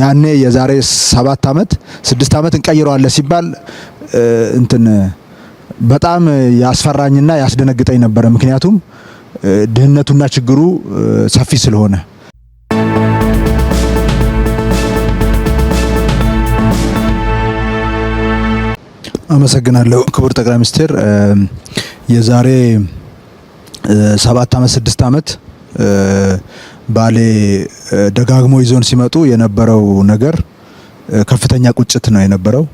ያኔ የዛሬ ሰባት ዓመት ስድስት ዓመት እንቀይረዋለን ሲባል እንትን በጣም ያስፈራኝና ያስደነግጠኝ ነበረ። ምክንያቱም ድህነቱና ችግሩ ሰፊ ስለሆነ አመሰግናለሁ ክቡር ጠቅላይ ሚኒስትር። የዛሬ ሰባት ዓመት ስድስት ዓመት ባሌ ደጋግሞ ይዞን ሲመጡ የነበረው ነገር ከፍተኛ ቁጭት ነው የነበረው።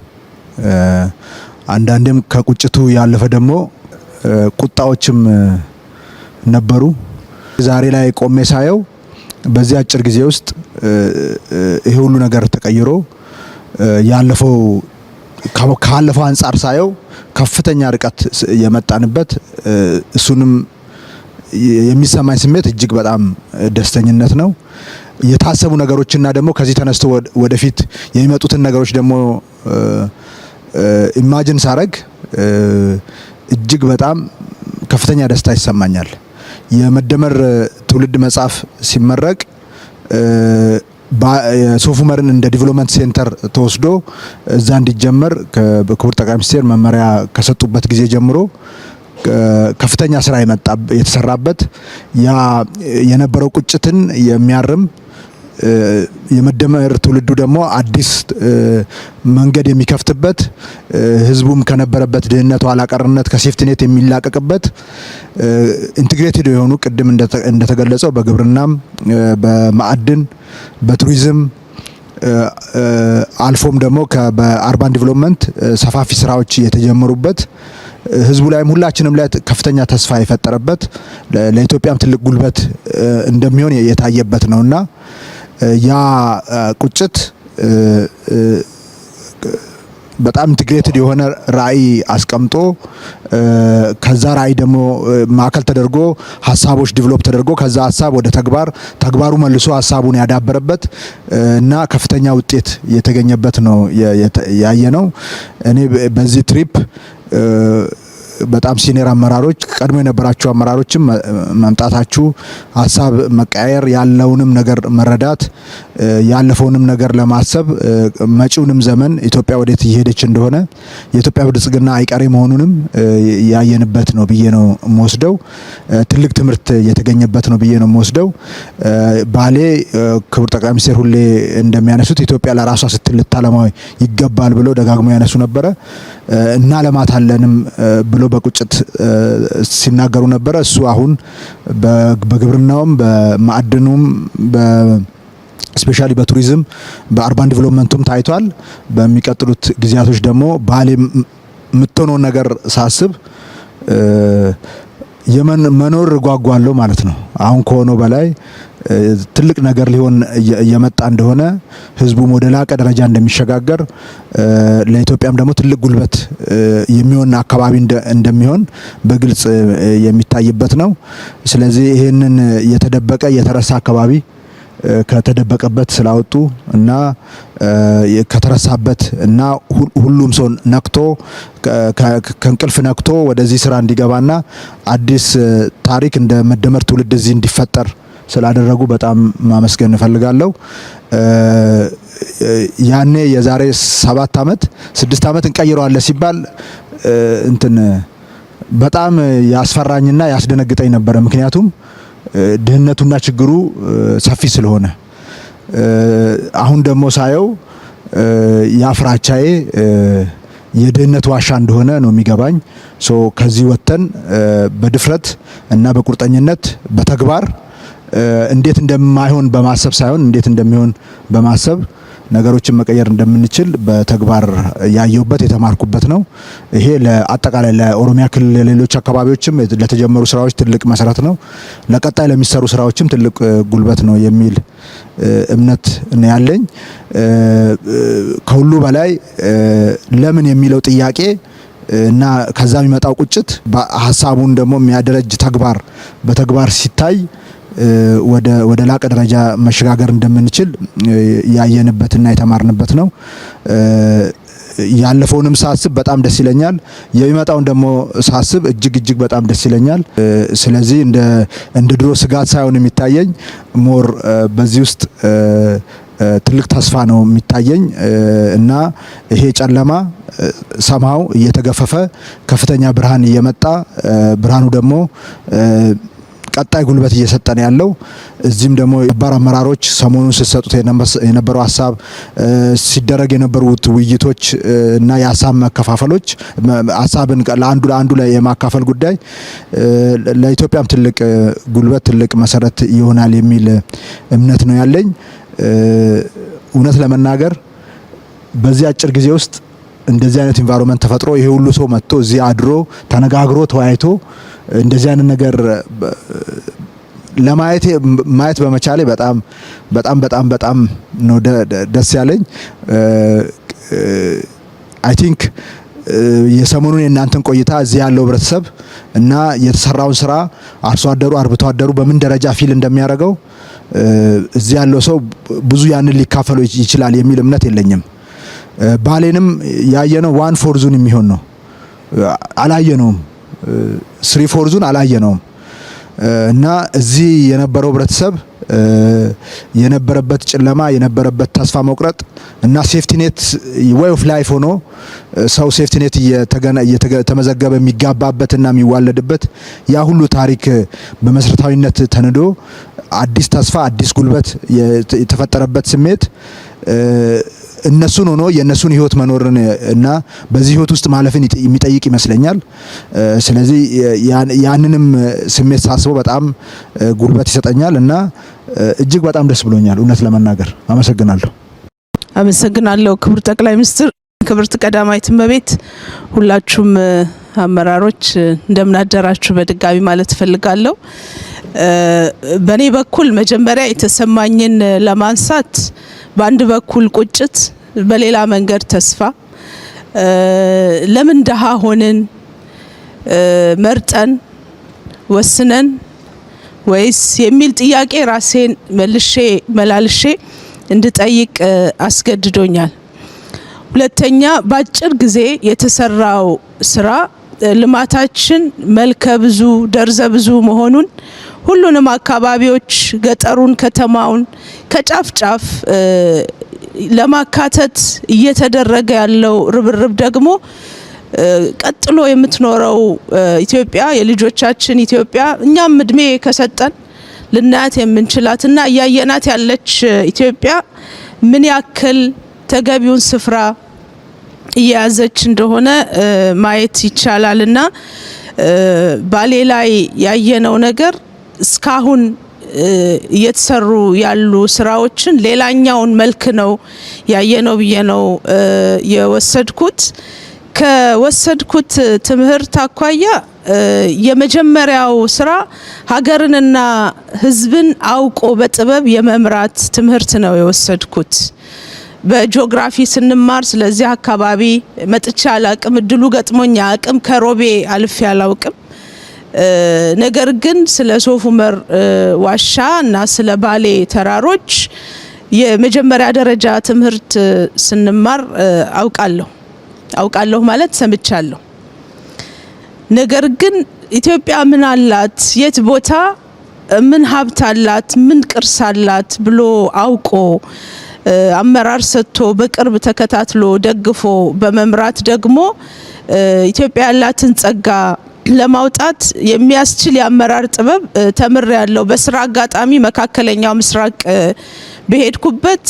አንዳንዴም ከቁጭቱ ያለፈ ደግሞ ቁጣዎችም ነበሩ። ዛሬ ላይ ቆሜ ሳየው በዚህ አጭር ጊዜ ውስጥ ይህ ሁሉ ነገር ተቀይሮ ያለፈው ካለፈው አንጻር ሳየው ከፍተኛ ርቀት የመጣንበት እሱንም የሚሰማኝ ስሜት እጅግ በጣም ደስተኝነት ነው። የታሰቡ ነገሮችና ደግሞ ከዚህ ተነስቶ ወደፊት የሚመጡትን ነገሮች ደግሞ ኢማጅን ሳረግ እጅግ በጣም ከፍተኛ ደስታ ይሰማኛል። የመደመር ትውልድ መጽሐፍ ሲመረቅ ሶፍ ዑመርን እንደ ዲቨሎፕመንት ሴንተር ተወስዶ እዛ እንዲጀመር ክቡር ጠቅላይ ሚኒስትር መመሪያ ከሰጡበት ጊዜ ጀምሮ ከፍተኛ ስራ የመጣ የተሰራበት ያ የነበረው ቁጭትን የሚያርም የመደመር ትውልዱ ደግሞ አዲስ መንገድ የሚከፍትበት ህዝቡም ከነበረበት ድህነት፣ ኋላቀርነት ከሴፍትኔት የሚላቀቅበት ኢንትግሬትድ የሆኑ ቅድም እንደተገለጸው በግብርናም፣ በማዕድን፣ በቱሪዝም አልፎም ደግሞ በአርባን ዲቨሎፕመንት ሰፋፊ ስራዎች የተጀመሩበት ህዝቡ ላይም ሁላችንም ላይ ከፍተኛ ተስፋ የፈጠረበት ለኢትዮጵያም ትልቅ ጉልበት እንደሚሆን የታየበት ነውና ያ ቁጭት በጣም ኢንትግሬትድ የሆነ ራዕይ አስቀምጦ ከዛ ራዕይ ደግሞ ማዕከል ተደርጎ ሀሳቦች ዲቨሎፕ ተደርጎ ከዛ ሀሳብ ወደ ተግባር ተግባሩ መልሶ ሀሳቡን ያዳበረበት እና ከፍተኛ ውጤት የተገኘበት ነው ያየ ነው። እኔ በዚህ ትሪፕ በጣም ሲኒየር አመራሮች ቀድሞ የነበራችሁ አመራሮችም መምጣታችሁ ሀሳብ መቀያየር፣ ያለውንም ነገር መረዳት፣ ያለፈውንም ነገር ለማሰብ መጪውንም ዘመን ኢትዮጵያ ወዴት እየሄደች እንደሆነ የኢትዮጵያ ብልጽግና አይቀሬ መሆኑንም ያየንበት ነው ብዬ ነው የምወስደው። ትልቅ ትምህርት የተገኘበት ነው ብዬ ነው የምወስደው። ባሌ ክቡር ጠቅላይ ሚኒስትር ሁሌ እንደሚያነሱት ኢትዮጵያ ለራሷ ስትል ልታለማዊ ይገባል ብለው ደጋግሞ ያነሱ ነበረ። እና እናለማታለንም ብሎ ብለው በቁጭት ሲናገሩ ነበረ። እሱ አሁን በግብርናውም በማዕድኑም ስፔሻሊ በቱሪዝም በአርባን ዲቨሎፕመንቱም ታይቷል። በሚቀጥሉት ጊዜያቶች ደግሞ ባሌ የምትሆነውን ነገር ሳስብ የመኖር እጓጓለሁ ማለት ነው። አሁን ከሆነው በላይ ትልቅ ነገር ሊሆን እየመጣ እንደሆነ ህዝቡም ወደ ላቀ ደረጃ እንደሚሸጋገር ለኢትዮጵያም ደግሞ ትልቅ ጉልበት የሚሆን አካባቢ እንደሚሆን በግልጽ የሚታይበት ነው። ስለዚህ ይህንን የተደበቀ የተረሳ አካባቢ ከተደበቀበት ስላወጡ እና ከተረሳበት እና ሁሉም ሰው ነክቶ ከእንቅልፍ ነክቶ ወደዚህ ስራ እንዲገባና አዲስ ታሪክ እንደ መደመር ትውልድ እዚህ እንዲፈጠር ስላደረጉ በጣም ማመስገን እንፈልጋለሁ ያኔ የዛሬ ሰባት ዓመት ስድስት ዓመት እንቀይረዋለን ሲባል እንትን በጣም ያስፈራኝና ያስደነግጠኝ ነበረ። ምክንያቱም ድህነቱና ችግሩ ሰፊ ስለሆነ አሁን ደግሞ ሳየው የአፍራቻዬ የድህነት ዋሻ እንደሆነ ነው የሚገባኝ። ሶ ከዚህ ወጥተን በድፍረት እና በቁርጠኝነት በተግባር እንዴት እንደማይሆን በማሰብ ሳይሆን እንዴት እንደሚሆን በማሰብ ነገሮችን መቀየር እንደምንችል በተግባር ያየሁበት የተማርኩበት ነው። ይሄ ለአጠቃላይ ለኦሮሚያ ክልል ለሌሎች አካባቢዎችም ለተጀመሩ ስራዎች ትልቅ መሰረት ነው፣ ለቀጣይ ለሚሰሩ ስራዎችም ትልቅ ጉልበት ነው የሚል እምነት ነው ያለኝ። ከሁሉ በላይ ለምን የሚለው ጥያቄ እና ከዛ የሚመጣው ቁጭት ሀሳቡን ደግሞ የሚያደረጅ ተግባር በተግባር ሲታይ ወደ ላቀ ደረጃ መሸጋገር እንደምንችል ያየንበትና የተማርንበት ነው። ያለፈውንም ሳስብ በጣም ደስ ይለኛል። የሚመጣውን ደግሞ ሳስብ እጅግ እጅግ በጣም ደስ ይለኛል። ስለዚህ እንደ ድሮ ስጋት ሳይሆን የሚታየኝ ሞር በዚህ ውስጥ ትልቅ ተስፋ ነው የሚታየኝ እና ይሄ ጨለማ ሰማው እየተገፈፈ ከፍተኛ ብርሃን እየመጣ ብርሃኑ ደግሞ ቀጣይ ጉልበት እየሰጠን ያለው እዚህም ደግሞ የባር አመራሮች ሰሞኑን ስሰጡት የነበረው ሀሳብ ሲደረግ የነበሩት ውይይቶች እና የሀሳብ መከፋፈሎች ሀሳብን ለአንዱ ለአንዱ ላይ የማካፈል ጉዳይ ለኢትዮጵያም ትልቅ ጉልበት ትልቅ መሰረት ይሆናል የሚል እምነት ነው ያለኝ። እውነት ለመናገር በዚህ አጭር ጊዜ ውስጥ እንደዚህ አይነት ኢንቫይሮንመንት ተፈጥሮ ይሄ ሁሉ ሰው መጥቶ እዚህ አድሮ ተነጋግሮ ተወያይቶ እንደዚህ አይነት ነገር ለማየት ማየት በመቻሌ በጣም በጣም በጣም በጣም ነው ደስ ያለኝ። አይ ቲንክ የሰሞኑን የእናንተን ቆይታ እዚህ ያለው ህብረተሰብ እና የተሰራውን ስራ አርሶ አደሩ አርብቶ አደሩ በምን ደረጃ ፊል እንደሚያደርገው እዚህ ያለው ሰው ብዙ ያንን ሊካፈሉ ይችላል የሚል እምነት የለኝም። ባሌንም ያየነው ዋን ፎርዙን የሚሆን ነው አላየነውም። ስሪ ፎርዙን አላየነውም እና እዚህ የነበረው ህብረተሰብ የነበረበት ጨለማ የነበረበት ተስፋ መቁረጥ እና ሴፍቲኔት ወይ ኦፍ ላይፍ ሆኖ ሰው ሴፍቲኔት እየተመዘገበ የሚጋባበትና የሚዋለድበት ያ ሁሉ ታሪክ በመሰረታዊነት ተንዶ አዲስ ተስፋ አዲስ ጉልበት የተፈጠረበት ስሜት እነሱን ሆኖ የእነሱን ህይወት መኖርን እና በዚህ ህይወት ውስጥ ማለፍን የሚጠይቅ ይመስለኛል። ስለዚህ ያንንም ስሜት ሳስበው በጣም ጉልበት ይሰጠኛል እና እጅግ በጣም ደስ ብሎኛል እውነት ለመናገር አመሰግናለሁ። አመሰግናለሁ ክቡር ጠቅላይ ሚኒስትር፣ ክብርት ቀዳማዊት እመቤት፣ ሁላችሁም አመራሮች እንደምናደራችሁ በድጋሚ ማለት እፈልጋለሁ። በእኔ በኩል መጀመሪያ የተሰማኝን ለማንሳት በአንድ በኩል ቁጭት በሌላ መንገድ ተስፋ ለምን ደሃ ሆንን መርጠን ወስነን ወይስ የሚል ጥያቄ ራሴን መልሼ መላልሼ እንድጠይቅ አስገድዶኛል። ሁለተኛ በአጭር ጊዜ የተሰራው ስራ ልማታችን መልከ ብዙ ደርዘ ብዙ መሆኑን ሁሉንም አካባቢዎች ገጠሩን፣ ከተማውን ከጫፍ ጫፍ ለማካተት እየተደረገ ያለው ርብርብ ደግሞ ቀጥሎ የምትኖረው ኢትዮጵያ የልጆቻችን ኢትዮጵያ እኛም እድሜ ከሰጠን ልናያት እና እያየናት ያለች ኢትዮጵያ ምን ያክል ተገቢውን ስፍራ እየያዘች እንደሆነ ማየት እና ባሌ ላይ ያየነው ነገር እስካሁን እየተሰሩ ያሉ ስራዎችን ሌላኛውን መልክ ነው ያየነው ብዬ ነው የወሰድኩት። ከወሰድኩት ትምህርት አኳያ የመጀመሪያው ስራ ሀገርንና ሕዝብን አውቆ በጥበብ የመምራት ትምህርት ነው የወሰድኩት። በጂኦግራፊ ስንማር ስለዚህ አካባቢ መጥቼ አላቅም፣ እድሉ ገጥሞኛ አቅም ከሮቤ አልፌ አላውቅም። ነገር ግን ስለ ሶፍ ዑመር ዋሻ እና ስለ ባሌ ተራሮች የመጀመሪያ ደረጃ ትምህርት ስንማር አውቃለሁ አውቃለሁ ማለት ሰምቻለሁ። ነገር ግን ኢትዮጵያ ምን አላት፣ የት ቦታ ምን ሀብት አላት፣ ምን ቅርስ አላት ብሎ አውቆ አመራር ሰጥቶ በቅርብ ተከታትሎ ደግፎ በመምራት ደግሞ ኢትዮጵያ ያላትን ጸጋ ለማውጣት የሚያስችል የአመራር ጥበብ ተምር ያለው በስራ አጋጣሚ መካከለኛው ምስራቅ በሄድኩበት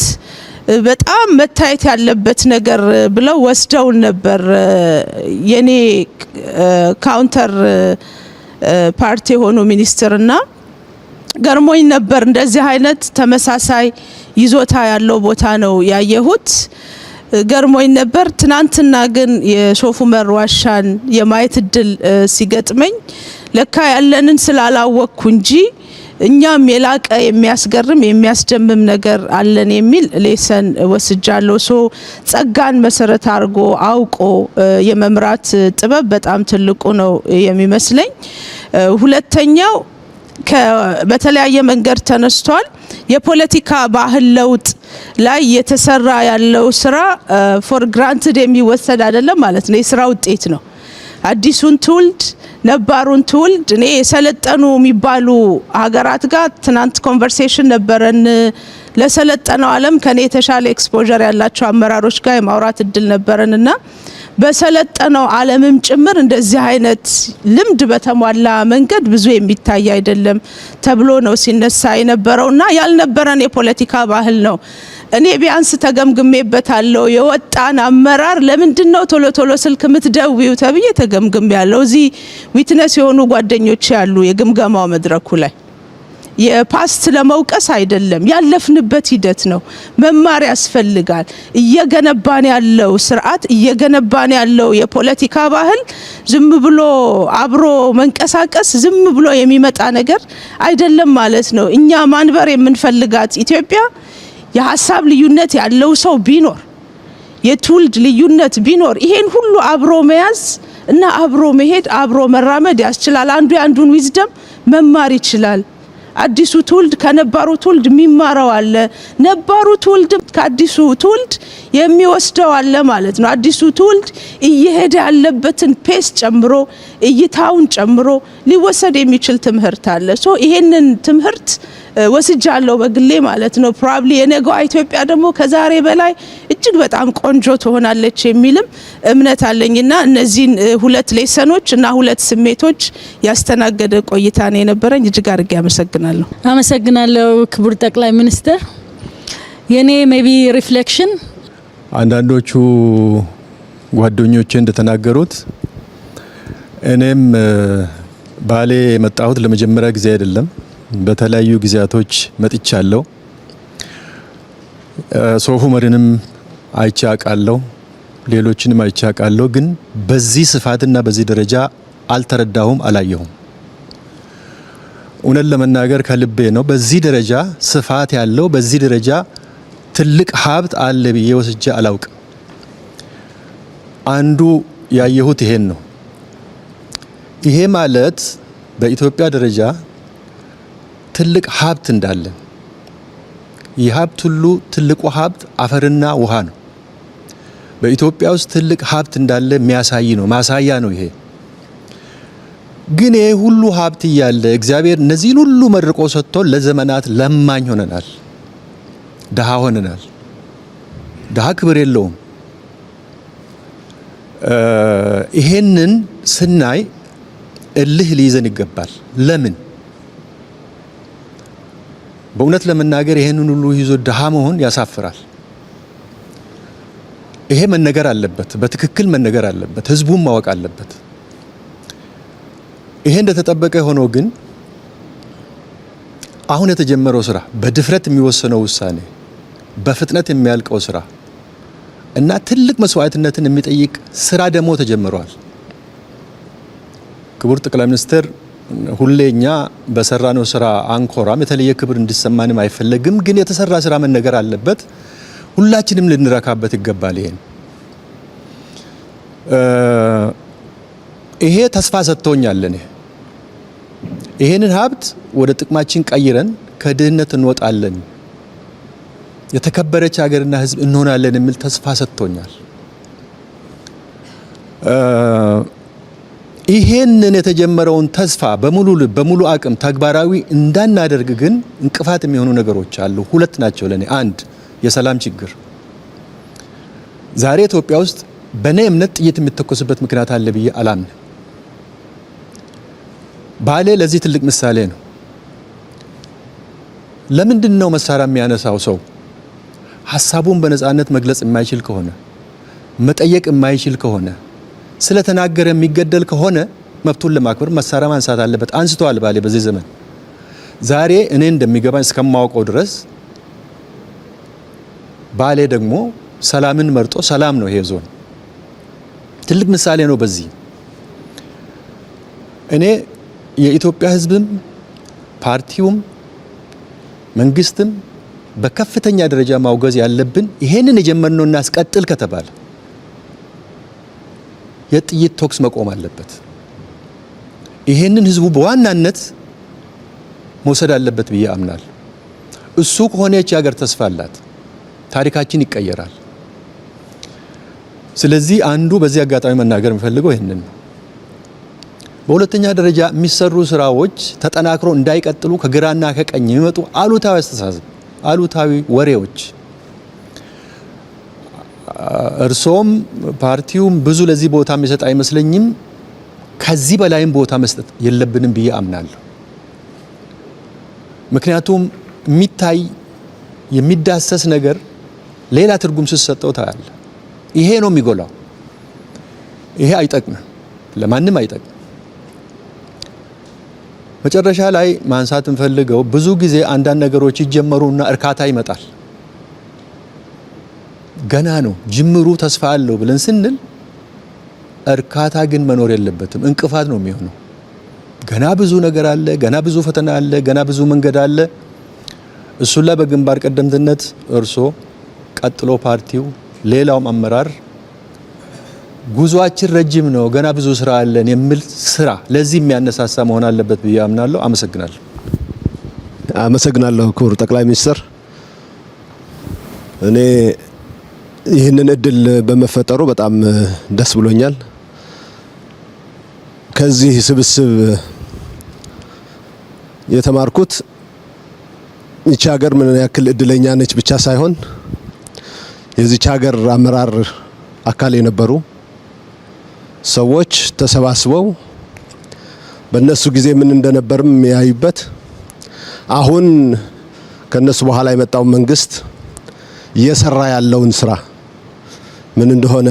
በጣም መታየት ያለበት ነገር ብለው ወስደውን ነበር። የኔ ካውንተር ፓርቲ የሆኑ ሚኒስትርና ገርሞኝ ነበር። እንደዚህ አይነት ተመሳሳይ ይዞታ ያለው ቦታ ነው ያየሁት። ገርሞኝ ነበር። ትናንትና ግን የሾፉመር ዋሻን የማየት እድል ሲገጥመኝ ለካ ያለንን ስላላወቅኩ እንጂ እኛም የላቀ የሚያስገርም የሚያስደምም ነገር አለን የሚል ሌሰን ወስጃለሁ። ሶ ጸጋን መሰረት አድርጎ አውቆ የመምራት ጥበብ በጣም ትልቁ ነው የሚመስለኝ። ሁለተኛው በተለያየ መንገድ ተነስቷል። የፖለቲካ ባህል ለውጥ ላይ የተሰራ ያለው ስራ ፎር ግራንትድ የሚወሰድ አይደለም ማለት ነው። የስራ ውጤት ነው። አዲሱን ትውልድ ነባሩን ትውልድ እኔ የሰለጠኑ የሚባሉ ሀገራት ጋር ትናንት ኮንቨርሴሽን ነበረን። ለሰለጠነው ዓለም ከኔ የተሻለ ኤክስፖዠር ያላቸው አመራሮች ጋር የማውራት እድል ነበረን እና በሰለጠነው ዓለምም ጭምር እንደዚህ አይነት ልምድ በተሟላ መንገድ ብዙ የሚታይ አይደለም ተብሎ ነው ሲነሳ የነበረውና ያልነበረን የፖለቲካ ባህል ነው። እኔ ቢያንስ ተገምግሜበታለሁ። የወጣን አመራር ለምንድን ነው ቶሎ ቶሎ ስልክ ምትደውዩ ተብዬ ተገምግሜ ያለው እዚህ ዊትነስ የሆኑ ጓደኞች ያሉ የግምገማው መድረኩ ላይ የፓስት ለመውቀስ አይደለም፣ ያለፍንበት ሂደት ነው። መማር ያስፈልጋል። እየገነባን ያለው ስርዓት እየገነባን ያለው የፖለቲካ ባህል ዝም ብሎ አብሮ መንቀሳቀስ ዝም ብሎ የሚመጣ ነገር አይደለም ማለት ነው። እኛ ማንበር የምንፈልጋት ኢትዮጵያ የሀሳብ ልዩነት ያለው ሰው ቢኖር የትውልድ ልዩነት ቢኖር ይሄን ሁሉ አብሮ መያዝ እና አብሮ መሄድ አብሮ መራመድ ያስችላል። አንዱ የአንዱን ዊዝደም መማር ይችላል። አዲሱ ትውልድ ከነባሩ ትውልድ የሚማረው አለ፣ ነባሩ ትውልድ ከአዲሱ ትውልድ የሚወስደው አለ ማለት ነው። አዲሱ ትውልድ እየሄደ ያለበትን ፔስ ጨምሮ እይታውን ጨምሮ ሊወሰድ የሚችል ትምህርት አለ። ሶ ይሄንን ትምህርት ወስጃለሁ በግሌ ማለት ነው። ፕሮባብሊ የነገዋ ኢትዮጵያ ደግሞ ከዛሬ በላይ እጅግ በጣም ቆንጆ ትሆናለች የሚልም እምነት አለኝ እና እነዚህን ሁለት ሌሰኖች እና ሁለት ስሜቶች ያስተናገደ ቆይታ ነው የነበረኝ። እጅግ አድርጌ አመሰግናለሁ። አመሰግናለሁ ክቡር ጠቅላይ ሚኒስትር። የኔ ሜቢ ሪፍሌክሽን አንዳንዶቹ ጓደኞቼ እንደተናገሩት እኔም ባሌ የመጣሁት ለመጀመሪያ ጊዜ አይደለም። በተለያዩ ጊዜያቶች መጥቻለሁ። ሶፉ መድንም አይቻቃለሁ፣ አውቃለሁ፣ ሌሎችንም አይቻቃለሁ። ግን በዚህ ስፋትና በዚህ ደረጃ አልተረዳሁም፣ አላየሁም። እውነት ለመናገር ከልቤ ነው። በዚህ ደረጃ ስፋት ያለው በዚህ ደረጃ ትልቅ ሀብት አለ ብዬ ወስጄ አላውቅም። አንዱ ያየሁት ይሄን ነው። ይሄ ማለት በኢትዮጵያ ደረጃ ትልቅ ሀብት እንዳለን ይህ ሀብት ሁሉ ትልቁ ሀብት አፈርና ውሃ ነው። በኢትዮጵያ ውስጥ ትልቅ ሀብት እንዳለ የሚያሳይ ነው፣ ማሳያ ነው ይሄ። ግን ይሄ ሁሉ ሀብት እያለ እግዚአብሔር እነዚህን ሁሉ መርቆ ሰጥቶ ለዘመናት ለማኝ ሆነናል፣ ድሃ ሆነናል። ድሃ ክብር የለውም። ይሄንን ስናይ እልህ ሊይዘን ይገባል። ለምን በእውነት ለመናገር ይህንን ሁሉ ይዞ ድሃ መሆን ያሳፍራል። ይሄ መነገር አለበት፣ በትክክል መነገር አለበት፣ ህዝቡም ማወቅ አለበት። ይሄ እንደተጠበቀ ሆኖ ግን አሁን የተጀመረው ስራ በድፍረት የሚወሰነው ውሳኔ፣ በፍጥነት የሚያልቀው ስራ እና ትልቅ መስዋዕትነትን የሚጠይቅ ስራ ደግሞ ተጀምሯል። ክቡር ጠቅላይ ሚኒስትር ሁሌ እኛ በሰራነው ስራ አንኮራም፣ የተለየ ክብር እንዲሰማንም አይፈለግም። ግን የተሰራ ስራ መነገር አለበት። ሁላችንም ልንረካበት ይገባል። ይሄን ይሄ ተስፋ ሰጥቶኛል። እኔ ይሄንን ሀብት ወደ ጥቅማችን ቀይረን ከድህነት እንወጣለን፣ የተከበረች ሀገርና ህዝብ እንሆናለን የሚል ተስፋ ሰጥቶኛል። ይሄንን የተጀመረውን ተስፋ በሙሉ ልብ በሙሉ አቅም ተግባራዊ እንዳናደርግ ግን እንቅፋት የሚሆኑ ነገሮች አሉ። ሁለት ናቸው ለኔ። አንድ የሰላም ችግር ዛሬ ኢትዮጵያ ውስጥ በእኔ እምነት ጥይት የሚተኮስበት ምክንያት አለ ብዬ አላምን። ባሌ ለዚህ ትልቅ ምሳሌ ነው። ለምንድን ነው መሳሪያ የሚያነሳው ሰው ሀሳቡን በነፃነት መግለጽ የማይችል ከሆነ መጠየቅ የማይችል ከሆነ ስለተናገረ የሚገደል ከሆነ መብቱን ለማክበር መሳሪያ ማንሳት አለበት። አንስተዋል ባሌ በዚህ ዘመን ዛሬ እኔ እንደሚገባኝ እስከማውቀው ድረስ ባሌ ደግሞ ሰላምን መርጦ ሰላም ነው ይሄ ዞን ትልቅ ምሳሌ ነው። በዚህ እኔ የኢትዮጵያ ሕዝብም ፓርቲውም መንግስትም በከፍተኛ ደረጃ ማውገዝ ያለብን ይሄንን የጀመርነው እናስቀጥል ከተባለ የጥይት ተኩስ መቆም አለበት። ይሄንን ህዝቡ በዋናነት መውሰድ አለበት ብዬ አምናል። እሱ ከሆነች ሀገር ተስፋ አላት፣ ታሪካችን ይቀየራል። ስለዚህ አንዱ በዚህ አጋጣሚ መናገር የሚፈልገው ይህንን ነው። በሁለተኛ ደረጃ የሚሰሩ ስራዎች ተጠናክሮ እንዳይቀጥሉ ከግራና ከቀኝ የሚመጡ አሉታዊ አስተሳሰብ፣ አሉታዊ ወሬዎች እርሶም ፓርቲውም ብዙ ለዚህ ቦታ የሚሰጥ አይመስለኝም። ከዚህ በላይም ቦታ መስጠት የለብንም ብዬ አምናለሁ። ምክንያቱም የሚታይ የሚዳሰስ ነገር ሌላ ትርጉም ስትሰጠው ታያለ። ይሄ ነው የሚጎላው። ይሄ አይጠቅምም፣ ለማንም አይጠቅም። መጨረሻ ላይ ማንሳት እንፈልገው ብዙ ጊዜ አንዳንድ ነገሮች ይጀመሩና እርካታ ይመጣል። ገና ነው ጅምሩ፣ ተስፋ አለው ብለን ስንል እርካታ ግን መኖር የለበትም፣ እንቅፋት ነው የሚሆነው። ገና ብዙ ነገር አለ፣ ገና ብዙ ፈተና አለ፣ ገና ብዙ መንገድ አለ። እሱን ላይ በግንባር ቀደምትነት እርሶ፣ ቀጥሎ ፓርቲው፣ ሌላውም አመራር ጉዟችን ረጅም ነው፣ ገና ብዙ ስራ አለን የሚል ስራ ለዚህ የሚያነሳሳ መሆን አለበት ብዬ አምናለሁ። አመሰግናለሁ። አመሰግናለሁ ክቡር ጠቅላይ ሚኒስትር እኔ ይህንን እድል በመፈጠሩ በጣም ደስ ብሎኛል። ከዚህ ስብስብ የተማርኩት ይቺ ሀገር ምን ያክል እድለኛ ነች ብቻ ሳይሆን የዚች ሀገር አመራር አካል የነበሩ ሰዎች ተሰባስበው በእነሱ ጊዜ ምን እንደነበርም የሚያዩበት አሁን ከእነሱ በኋላ የመጣው መንግስት እየሰራ ያለውን ስራ ምን እንደሆነ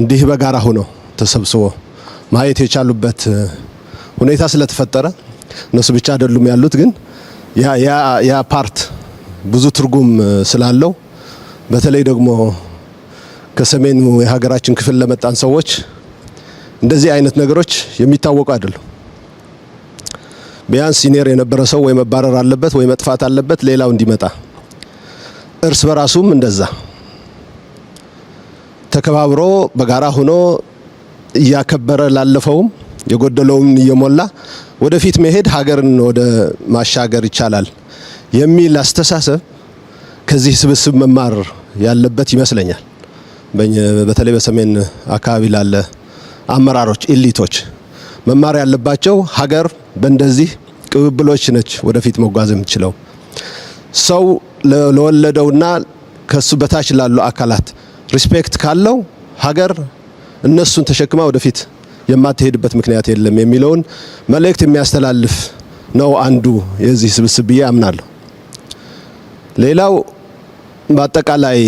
እንዲህ በጋራ ሆነው ተሰብስቦ ማየት የቻሉበት ሁኔታ ስለተፈጠረ እነሱ ብቻ አይደሉም ያሉት፣ ግን ያ ፓርት ብዙ ትርጉም ስላለው በተለይ ደግሞ ከሰሜኑ የሀገራችን ክፍል ለመጣን ሰዎች እንደዚህ አይነት ነገሮች የሚታወቁ አይደሉም። ቢያንስ ሲኒየር የነበረ ሰው ወይ መባረር አለበት ወይ መጥፋት አለበት፣ ሌላው እንዲመጣ እርስ በራሱም እንደዛ ተከባብሮ በጋራ ሆኖ እያከበረ ላለፈውም የጎደለውን እየሞላ ወደፊት መሄድ ሀገርን ወደ ማሻገር ይቻላል የሚል አስተሳሰብ ከዚህ ስብስብ መማር ያለበት ይመስለኛል። በተለይ በሰሜን አካባቢ ላለ አመራሮች፣ ኢሊቶች መማር ያለባቸው ሀገር በእንደዚህ ቅብብሎች ነች ወደፊት መጓዝ የምትችለው። ሰው ለወለደውና ከሱ በታች ላሉ አካላት ሪስፔክት ካለው ሀገር እነሱን ተሸክማ ወደፊት የማትሄድበት ምክንያት የለም የሚለውን መልእክት የሚያስተላልፍ ነው አንዱ የዚህ ስብስብ ብዬ አምናለሁ። ሌላው በአጠቃላይ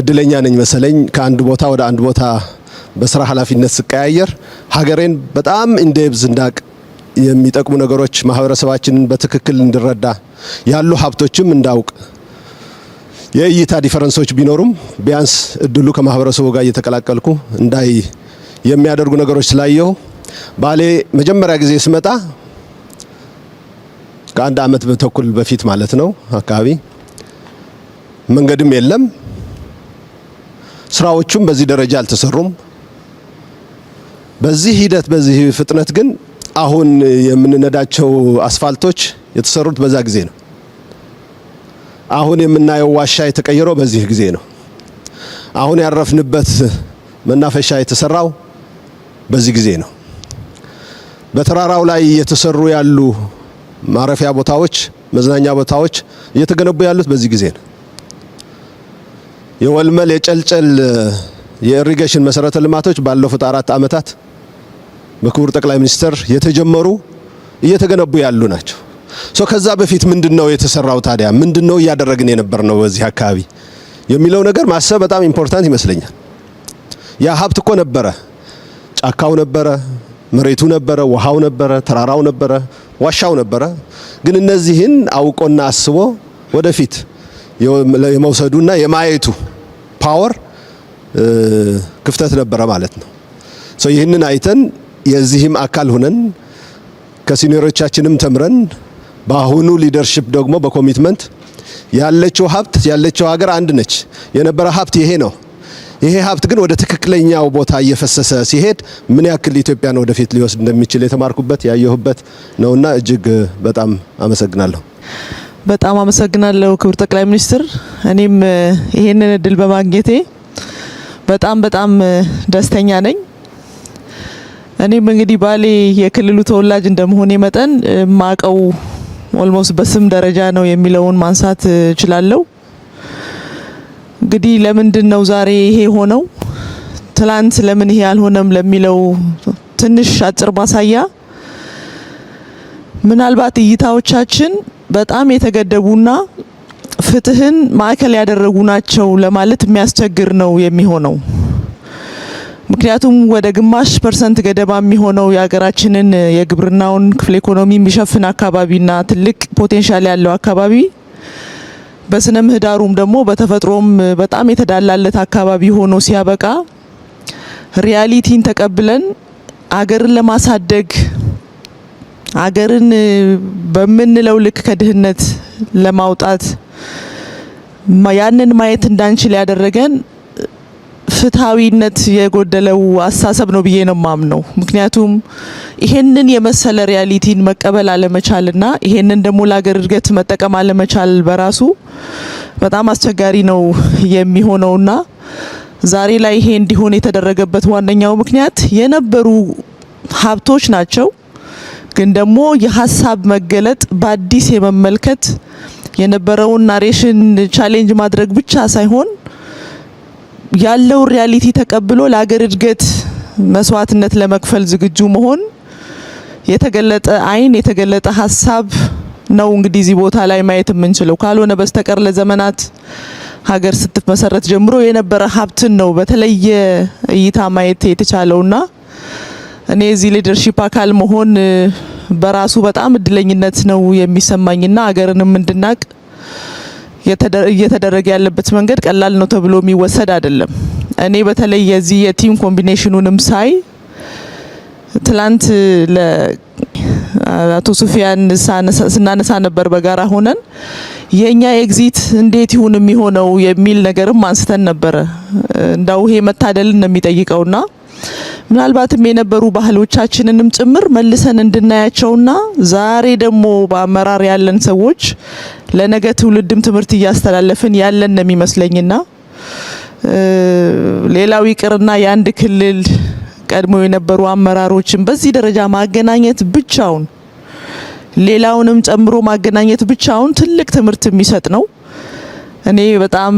እድለኛ ነኝ መሰለኝ ከአንድ ቦታ ወደ አንድ ቦታ በስራ ኃላፊነት ስቀያየር ሀገሬን በጣም እንደብዝ እንዳቅ የሚጠቅሙ ነገሮች ማህበረሰባችንን በትክክል እንድረዳ ያሉ ሀብቶችም እንዳውቅ የእይታ ዲፈረንሶች ቢኖሩም ቢያንስ እድሉ ከማህበረሰቡ ጋር እየተቀላቀልኩ እንዳይ የሚያደርጉ ነገሮች ስላየሁ ባሌ መጀመሪያ ጊዜ ስመጣ ከአንድ አመት ተኩል በፊት ማለት ነው። አካባቢ መንገድም የለም፣ ስራዎቹም በዚህ ደረጃ አልተሰሩም። በዚህ ሂደት በዚህ ፍጥነት ግን አሁን የምንነዳቸው አስፋልቶች የተሰሩት በዛ ጊዜ ነው። አሁን የምናየው ዋሻ የተቀየረው በዚህ ጊዜ ነው። አሁን ያረፍንበት መናፈሻ የተሰራው በዚህ ጊዜ ነው። በተራራው ላይ እየተሰሩ ያሉ ማረፊያ ቦታዎች፣ መዝናኛ ቦታዎች እየተገነቡ ያሉት በዚህ ጊዜ ነው። የወልመል የጨልጨል የኢሪጌሽን መሰረተ ልማቶች ባለፉት አራት ዓመታት በክቡር ጠቅላይ ሚኒስትር የተጀመሩ እየተገነቡ ያሉ ናቸው። ሶ ከዛ በፊት ምንድን ነው የተሰራው? ታዲያ ምንድን ነው እያደረግን የነበር ነው በዚህ አካባቢ የሚለው ነገር ማሰብ በጣም ኢምፖርታንት ይመስለኛል። ያ ሀብት እኮ ነበረ፣ ጫካው ነበረ፣ መሬቱ ነበረ፣ ውሃው ነበረ፣ ተራራው ነበረ፣ ዋሻው ነበረ። ግን እነዚህን አውቆና አስቦ ወደፊት የመውሰዱና የማየቱ ፓወር ክፍተት ነበረ ማለት ነው። ይህንን አይተን የዚህም አካል ሁነን ከሲኒዮሮቻችንም ተምረን በአሁኑ ሊደርሽፕ ደግሞ በኮሚትመንት ያለችው ሀብት ያለችው ሀገር አንድ ነች። የነበረ ሀብት ይሄ ነው። ይሄ ሀብት ግን ወደ ትክክለኛው ቦታ እየፈሰሰ ሲሄድ ምን ያክል ኢትዮጵያን ወደፊት ሊወስድ እንደሚችል የተማርኩበት ያየሁበት ነውና እጅግ በጣም አመሰግናለሁ። በጣም አመሰግናለሁ ክቡር ጠቅላይ ሚኒስትር። እኔም ይሄንን እድል በማግኘቴ በጣም በጣም ደስተኛ ነኝ። እኔም እንግዲህ ባሌ የክልሉ ተወላጅ እንደመሆኔ መጠን ማቀው ኦልሞስት በስም ደረጃ ነው የሚለውን ማንሳት እችላለሁ። እንግዲህ ለምንድን ነው ዛሬ ይሄ ሆነው ትላንት ለምን ይሄ አልሆነም ለሚለው ትንሽ አጭር ማሳያ ምናልባት እይታዎቻችን በጣም የተገደቡና ፍትህን ማዕከል ያደረጉ ናቸው ለማለት የሚያስቸግር ነው የሚሆነው። ምክንያቱም ወደ ግማሽ ፐርሰንት ገደማ የሚሆነው የሀገራችንን የግብርናውን ክፍለ ኢኮኖሚ የሚሸፍን አካባቢና ትልቅ ፖቴንሻል ያለው አካባቢ በስነ ምህዳሩም ደግሞ በተፈጥሮም በጣም የተዳላለት አካባቢ ሆኖ ሲያበቃ ሪያሊቲን ተቀብለን አገርን ለማሳደግ አገርን በምንለው ልክ ከድህነት ለማውጣት ያንን ማየት እንዳንችል ያደረገን ፍትሐዊነት የጎደለው አስተሳሰብ ነው ብዬ ነው ማምነው። ምክንያቱም ይሄንን የመሰለ ሪያሊቲን መቀበል አለመቻልና ይሄንን ደግሞ ለሀገር እድገት መጠቀም አለመቻል በራሱ በጣም አስቸጋሪ ነው የሚሆነውና ዛሬ ላይ ይሄ እንዲሆን የተደረገበት ዋነኛው ምክንያት የነበሩ ሀብቶች ናቸው ግን ደግሞ የሀሳብ መገለጥ በአዲስ የመመልከት የነበረውን ናሬሽን ቻሌንጅ ማድረግ ብቻ ሳይሆን ያለውን ሪያሊቲ ተቀብሎ ለሀገር እድገት መስዋዕትነት ለመክፈል ዝግጁ መሆን የተገለጠ አይን የተገለጠ ሀሳብ ነው እንግዲህ እዚህ ቦታ ላይ ማየት የምንችለው። ካልሆነ በስተቀር ለዘመናት ሀገር ስትመሰረት ጀምሮ የነበረ ሀብትን ነው በተለየ እይታ ማየት የተቻለውና እኔ የዚህ ሊደርሺፕ አካል መሆን በራሱ በጣም እድለኝነት ነው የሚሰማኝና ሀገርንም እንድናቅ እየተደረገ ያለበት መንገድ ቀላል ነው ተብሎ የሚወሰድ አይደለም። እኔ በተለይ የዚህ የቲም ኮምቢኔሽኑንም ሳይ ትላንት ለአቶ ሱፊያን ስናነሳ ነበር በጋራ ሆነን የእኛ ኤግዚት እንዴት ይሁን የሚሆነው የሚል ነገርም አንስተን ነበረ። እንዳው ይሄ መታደልን ነው የሚጠይቀውና ምናልባትም የነበሩ ባህሎቻችንንም ጭምር መልሰን እንድናያቸውና ዛሬ ደግሞ በአመራር ያለን ሰዎች ለነገ ትውልድም ትምህርት እያስተላለፍን ያለን ነው የሚመስለኝና ሌላው ይቅርና የአንድ ክልል ቀድሞ የነበሩ አመራሮችን በዚህ ደረጃ ማገናኘት ብቻውን ሌላውንም ጨምሮ ማገናኘት ብቻውን ትልቅ ትምህርት የሚሰጥ ነው። እኔ በጣም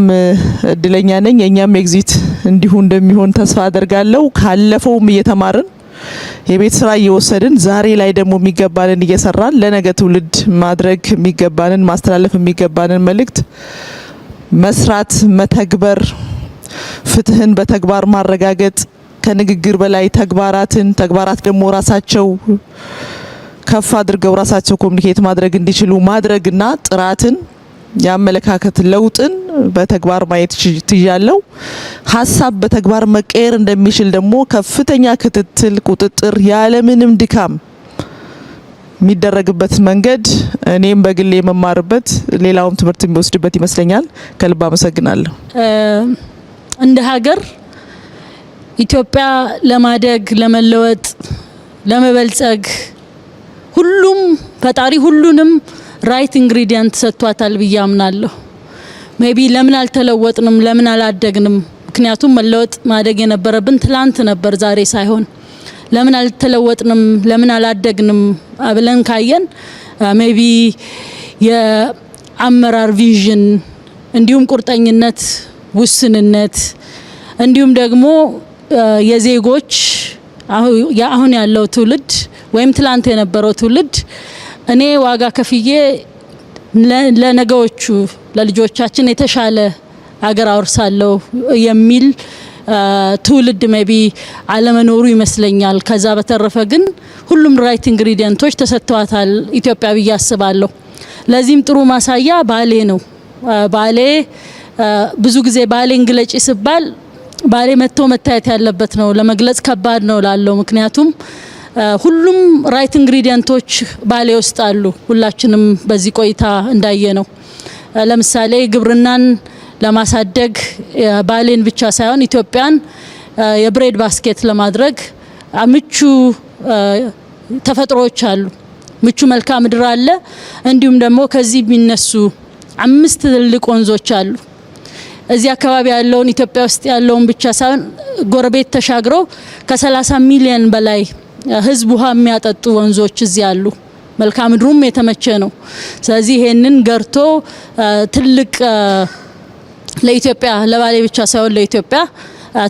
እድለኛ ነኝ። የእኛም ኤግዚት እንዲሁ እንደሚሆን ተስፋ አደርጋለሁ። ካለፈውም እየተማርን የቤት ስራ እየወሰድን ዛሬ ላይ ደግሞ የሚገባንን እየሰራን ለነገ ትውልድ ማድረግ የሚገባንን ማስተላለፍ የሚገባንን መልእክት መስራት፣ መተግበር፣ ፍትህን በተግባር ማረጋገጥ ከንግግር በላይ ተግባራትን ተግባራት ደግሞ ራሳቸው ከፍ አድርገው ራሳቸው ኮሚኒኬት ማድረግ እንዲችሉ ማድረግና ጥራትን የአመለካከት ለውጥን በተግባር ማየት ትያለው። ሀሳብ በተግባር መቀየር እንደሚችል ደግሞ ከፍተኛ ክትትል፣ ቁጥጥር ያለምንም ድካም የሚደረግበት መንገድ እኔም በግሌ የመማርበት ሌላውም ትምህርት የሚወስድበት ይመስለኛል። ከልብ አመሰግናለሁ። እንደ ሀገር ኢትዮጵያ ለማደግ ለመለወጥ፣ ለመበልጸግ ሁሉም ፈጣሪ ሁሉንም ራይት ኢንግሪዲየንት ሰጥቷታል ብዬ አምናለሁ። ሜቢ ለምን አልተለወጥንም? ለምን አላደግንም? ምክንያቱም መለወጥ ማደግ የነበረብን ትላንት ነበር፣ ዛሬ ሳይሆን። ለምን አልተለወጥንም? ለምን አላደግንም ብለን ካየን ሜቢ uh, የአመራር ቪዥን እንዲሁም ቁርጠኝነት፣ ውስንነት እንዲሁም ደግሞ uh, የዜጎች አሁን ያለው ትውልድ ወይም ትላንት የነበረው ትውልድ እኔ ዋጋ ከፍዬ ለነገዎቹ ለልጆቻችን የተሻለ አገር አወርሳለሁ የሚል ትውልድ ሜቢ አለመኖሩ ይመስለኛል። ከዛ በተረፈ ግን ሁሉም ራይት ኢንግሪዲየንቶች ተሰጥተዋታል ኢትዮጵያ ብዬ አስባለሁ። ለዚህም ጥሩ ማሳያ ባሌ ነው። ባሌ ብዙ ጊዜ ባሌን ግለጪ ስባል ባሌ መጥቶ መታየት ያለበት ነው ለመግለጽ ከባድ ነው ላለው ምክንያቱም ሁሉም ራይት ኢንግሪዲየንቶች ባሌ ውስጥ አሉ። ሁላችንም በዚህ ቆይታ እንዳየ ነው። ለምሳሌ ግብርናን ለማሳደግ ባሌን ብቻ ሳይሆን ኢትዮጵያን የብሬድ ባስኬት ለማድረግ ምቹ ተፈጥሮዎች አሉ። ምቹ መልክዓ ምድር አለ። እንዲሁም ደግሞ ከዚህ የሚነሱ አምስት ትልልቅ ወንዞች አሉ። እዚህ አካባቢ ያለውን ኢትዮጵያ ውስጥ ያለውን ብቻ ሳይሆን ጎረቤት ተሻግረው ከ30 ሚሊዮን በላይ ህዝብ ውሃ የሚያጠጡ ወንዞች እዚህ አሉ። መልካ ምድሩም የተመቸ ነው። ስለዚህ ይሄንን ገርቶ ትልቅ ለኢትዮጵያ ለባሌ ብቻ ሳይሆን ለኢትዮጵያ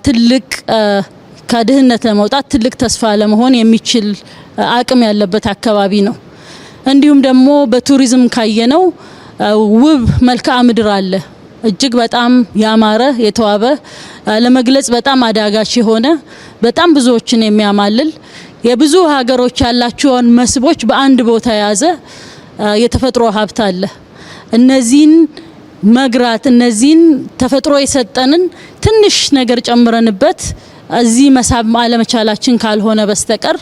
ትልቅ ከድህነት ለመውጣት ትልቅ ተስፋ ለመሆን የሚችል አቅም ያለበት አካባቢ ነው። እንዲሁም ደግሞ በቱሪዝም ካየነው ውብ መልክዓ ምድር አለ። እጅግ በጣም ያማረ የተዋበ ለመግለጽ በጣም አዳጋች የሆነ በጣም ብዙዎችን የሚያማልል የብዙ ሀገሮች ያላቸውን መስህቦች በአንድ ቦታ የያዘ የተፈጥሮ ሀብት አለ። እነዚህን መግራት እነዚህን ተፈጥሮ የሰጠንን ትንሽ ነገር ጨምረንበት እዚህ መሳብ አለመቻላችን ካልሆነ በስተቀር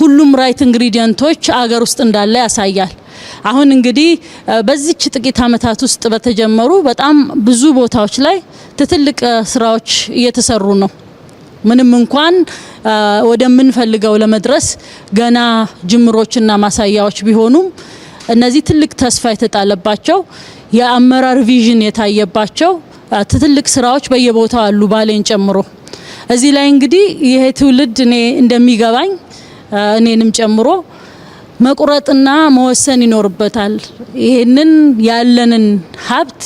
ሁሉም ራይት ኢንግሪዲየንቶች አገር ውስጥ እንዳለ ያሳያል። አሁን እንግዲህ በዚች ጥቂት ዓመታት ውስጥ በተጀመሩ በጣም ብዙ ቦታዎች ላይ ትልልቅ ስራዎች እየተሰሩ ነው። ምንም እንኳን ወደምንፈልገው ለመድረስ ገና ጅምሮችና ማሳያዎች ቢሆኑም እነዚህ ትልቅ ተስፋ የተጣለባቸው የአመራር ቪዥን የታየባቸው ትልቅ ስራዎች በየቦታው አሉ፣ ባሌን ጨምሮ። እዚህ ላይ እንግዲህ ይሄ ትውልድ እኔ እንደሚገባኝ እኔንም ጨምሮ መቁረጥና መወሰን ይኖርበታል። ይሄንን ያለንን ሀብት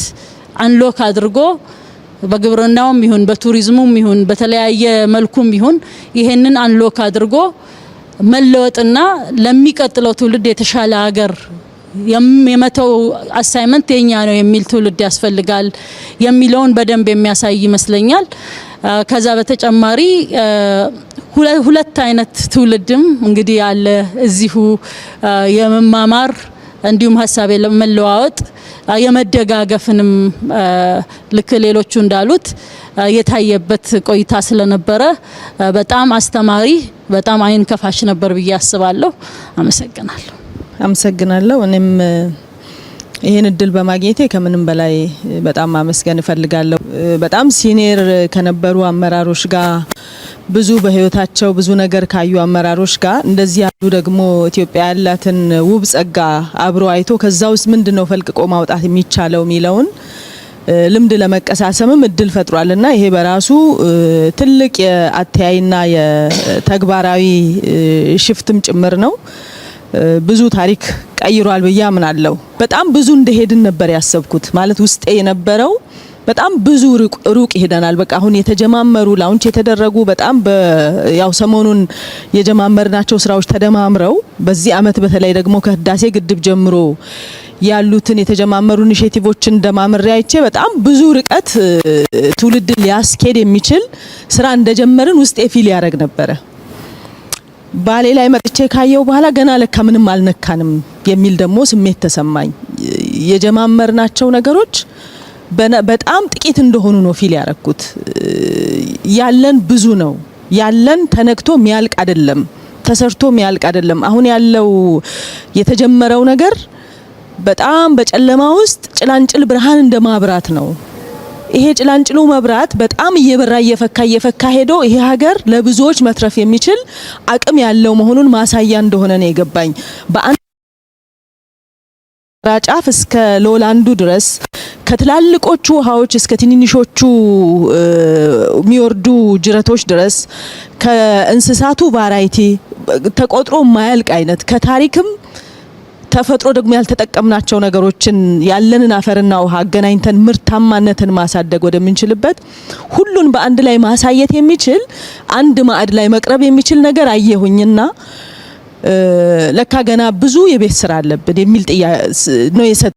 አንሎክ አድርጎ በግብርናውም ይሁን በቱሪዝሙም ይሁን በተለያየ መልኩም ይሁን ይሄንን አንሎክ አድርጎ መለወጥና ለሚቀጥለው ትውልድ የተሻለ ሀገር የመተው አሳይመንት የኛ ነው የሚል ትውልድ ያስፈልጋል የሚለውን በደንብ የሚያሳይ ይመስለኛል። ከዛ በተጨማሪ ሁለት አይነት ትውልድም እንግዲህ ያለ እዚሁ የመማማር እንዲሁም ሀሳቤ ለመለዋወጥ የመደጋገፍንም ልክ ሌሎቹ እንዳሉት የታየበት ቆይታ ስለነበረ በጣም አስተማሪ፣ በጣም አይን ከፋሽ ነበር ብዬ አስባለሁ። አመሰግናለሁ። አመሰግናለሁ እኔም ይህን እድል በማግኘቴ ከምንም በላይ በጣም ማመስገን እፈልጋለሁ። በጣም ሲኒየር ከነበሩ አመራሮች ጋር ብዙ በህይወታቸው ብዙ ነገር ካዩ አመራሮች ጋር እንደዚህ ያሉ ደግሞ ኢትዮጵያ ያላትን ውብ ጸጋ አብሮ አይቶ ከዛ ውስጥ ምንድን ነው ፈልቅቆ ማውጣት የሚቻለው የሚለውን ልምድ ለመቀሳሰምም እድል ፈጥሯል እና ይሄ በራሱ ትልቅ የአተያይና የተግባራዊ ሽፍትም ጭምር ነው። ብዙ ታሪክ ቀይሯል ብዬ አምናለሁ። በጣም ብዙ እንደሄድን ነበር ያሰብኩት። ማለት ውስጤ የነበረው በጣም ብዙ ሩቅ ሄደናል። በቃ አሁን የተጀማመሩ ላውንች የተደረጉ በጣም ያው ሰሞኑን የጀማመርናቸው ስራዎች ተደማምረው በዚህ አመት በተለይ ደግሞ ከህዳሴ ግድብ ጀምሮ ያሉትን የተጀማመሩ ኢኒሼቲቮችን እንደማምሬ አይቼ በጣም ብዙ ርቀት ትውልድን ሊያስኬድ የሚችል ስራ እንደጀመርን ውስጤ ፊል ያደረግ ነበረ። ባሌ ላይ መጥቼ ካየው በኋላ ገና ለካ ምንም አልነካንም የሚል ደግሞ ስሜት ተሰማኝ። የጀማመርናቸው ነገሮች በጣም ጥቂት እንደሆኑ ነው ፊል ያረኩት። ያለን ብዙ ነው። ያለን ተነክቶ ሚያልቅ አይደለም፣ ተሰርቶ ሚያልቅ አይደለም። አሁን ያለው የተጀመረው ነገር በጣም በጨለማ ውስጥ ጭላንጭል ብርሃን እንደ ማብራት ነው። ይሄ ጭላንጭሉ መብራት በጣም እየበራ እየፈካ እየፈካ ሄዶ ይሄ ሀገር ለብዙዎች መትረፍ የሚችል አቅም ያለው መሆኑን ማሳያ እንደሆነ ነው የገባኝ። በአንድ ጫፍ እስከ ሎላንዱ ድረስ ከትላልቆቹ ውሃዎች እስከ ትንንሾቹ የሚወርዱ ጅረቶች ድረስ ከእንስሳቱ ቫራይቲ ተቆጥሮ የማያልቅ አይነት ከታሪክም ተፈጥሮ ደግሞ ያልተጠቀምናቸው ነገሮችን ያለንን አፈርና ውሃ አገናኝተን ምርታማነትን ማሳደግ ወደምንችልበት ሁሉን በአንድ ላይ ማሳየት የሚችል አንድ ማዕድ ላይ መቅረብ የሚችል ነገር አየሁኝና ለካ ገና ብዙ የቤት ስራ አለብን የሚል ጥያቄ ነው